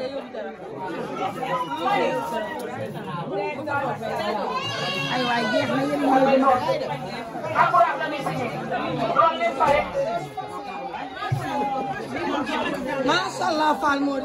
ايوه يجيح ما ما شاء الله فالمود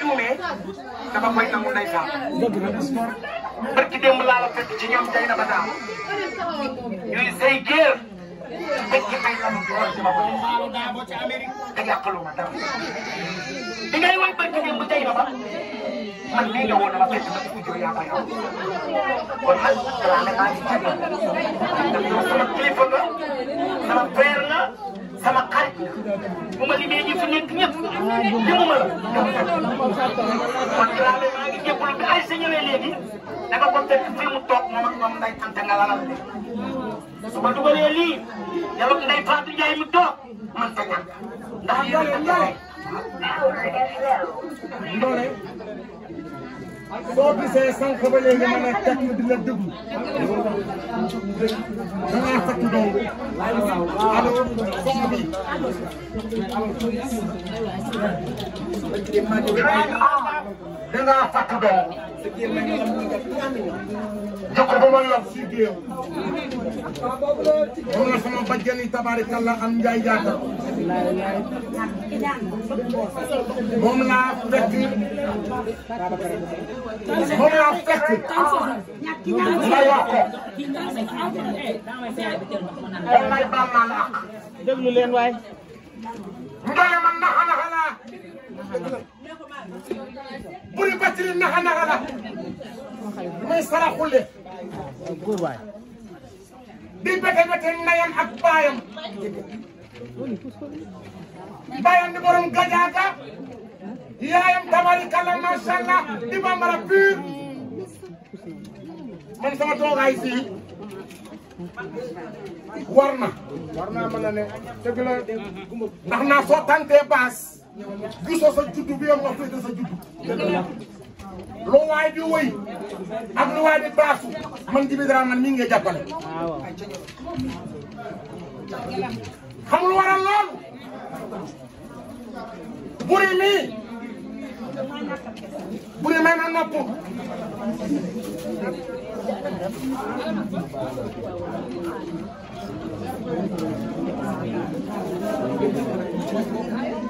juumee dama koy nangu ndeysaan. barki démb laa la ci ñoom tey na ba ñuy say géer teg ci ay lanu ci war ci ma ko ci Amérique te yàqaloo ma dara bi ngay wax barki démb tey na ba man lii nga woon ma ko yow kon ne ci bu ma limee ñi fu nekk ñëpp limuma la. kon Ibrahima maa ngi jégalu bi ay sa ñëwee léegi dafa ko fekk fi mu toog moom ak moom Ndeye nga lalal de su ma dugalee lii yow Ndeye Fatou Ndiaye mu toog man sa a gisee sànq ba a ma ne tekk di la déglu da ngaa fàttu dong allo soxna bi. dinaa takk doom jox ba ma yor si géew moom la sama bajjan yi am njaay jaata moom laa fekk moom laa fekk ma wax ko la ak déglu leen waay Ndeye man naxa naxa laa buri batiri naxa naxa la muy saraxule di bete bete ndeyam ak baayam baayam di borom gajaaka yaayam tabarikalla masha Allah di bambara pur man sama toogaay fii war na war naa mën a ne soo tantee baas du sa sa juddu bi yam la féete sa juddu loo waay di wëy ak lu waay di baasu man Djiby Dramé man mi ngi jàppale xam lu waral loolu buri mii buri may nopp Thank you.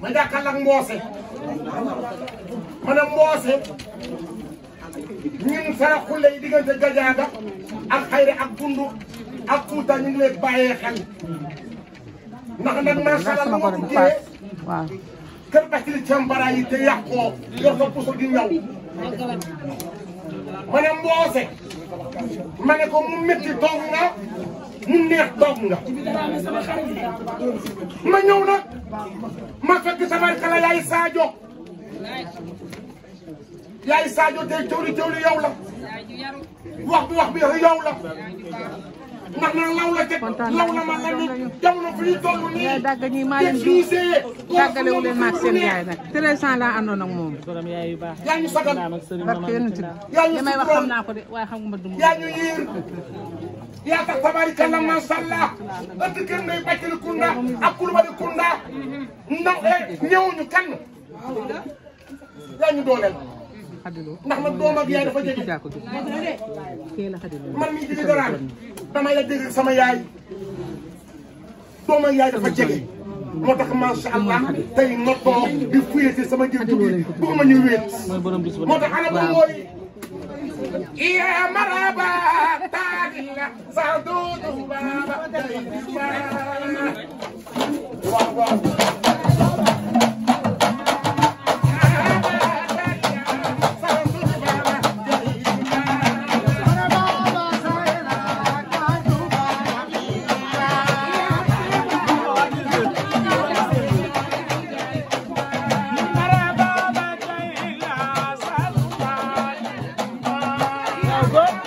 ma jàkkal ak mboose ma ne mboose ñun saraxule yi diggante gajaaga ak xayri ak dundu ak kuuta ñu ngi lay bàyyee xel ndax nag macha allah ma ma ne mboose ma ne mu métti toog nga mu neex toog nga ma ñëw nag ma fekk samay xale yaay Sadio yaay Sadio tey cawli cawli yow la wax bi wax bi yow la ndax na law la teg law la ma tamit jamono fi ñu toll nii. yaay dàgg ñi maa leen di dàggalewu leen maag seen yaay nag. 1300 laa àndoon ak moom. yaa ñu sagal barke yéen li may wax xam naa ko de waaye xam nga du yaa ñu yiir yaa tax tabaarikalla macha allah ëtt kër ngay bàccali kunda ak kulubali kunda. ndax eh, ñëwuñu kenn yaa ñu dooleel ndax man doom ak yaay dafa jege man mii di libéral dama la dégg sama yaay doom ak yaay dafa jege moo tax macha allah tey ma toog di fuyee sama jël jugee bu ma ñu wéet moo tax ana ba mooy يا مرحبا تعالى صدود بابا a p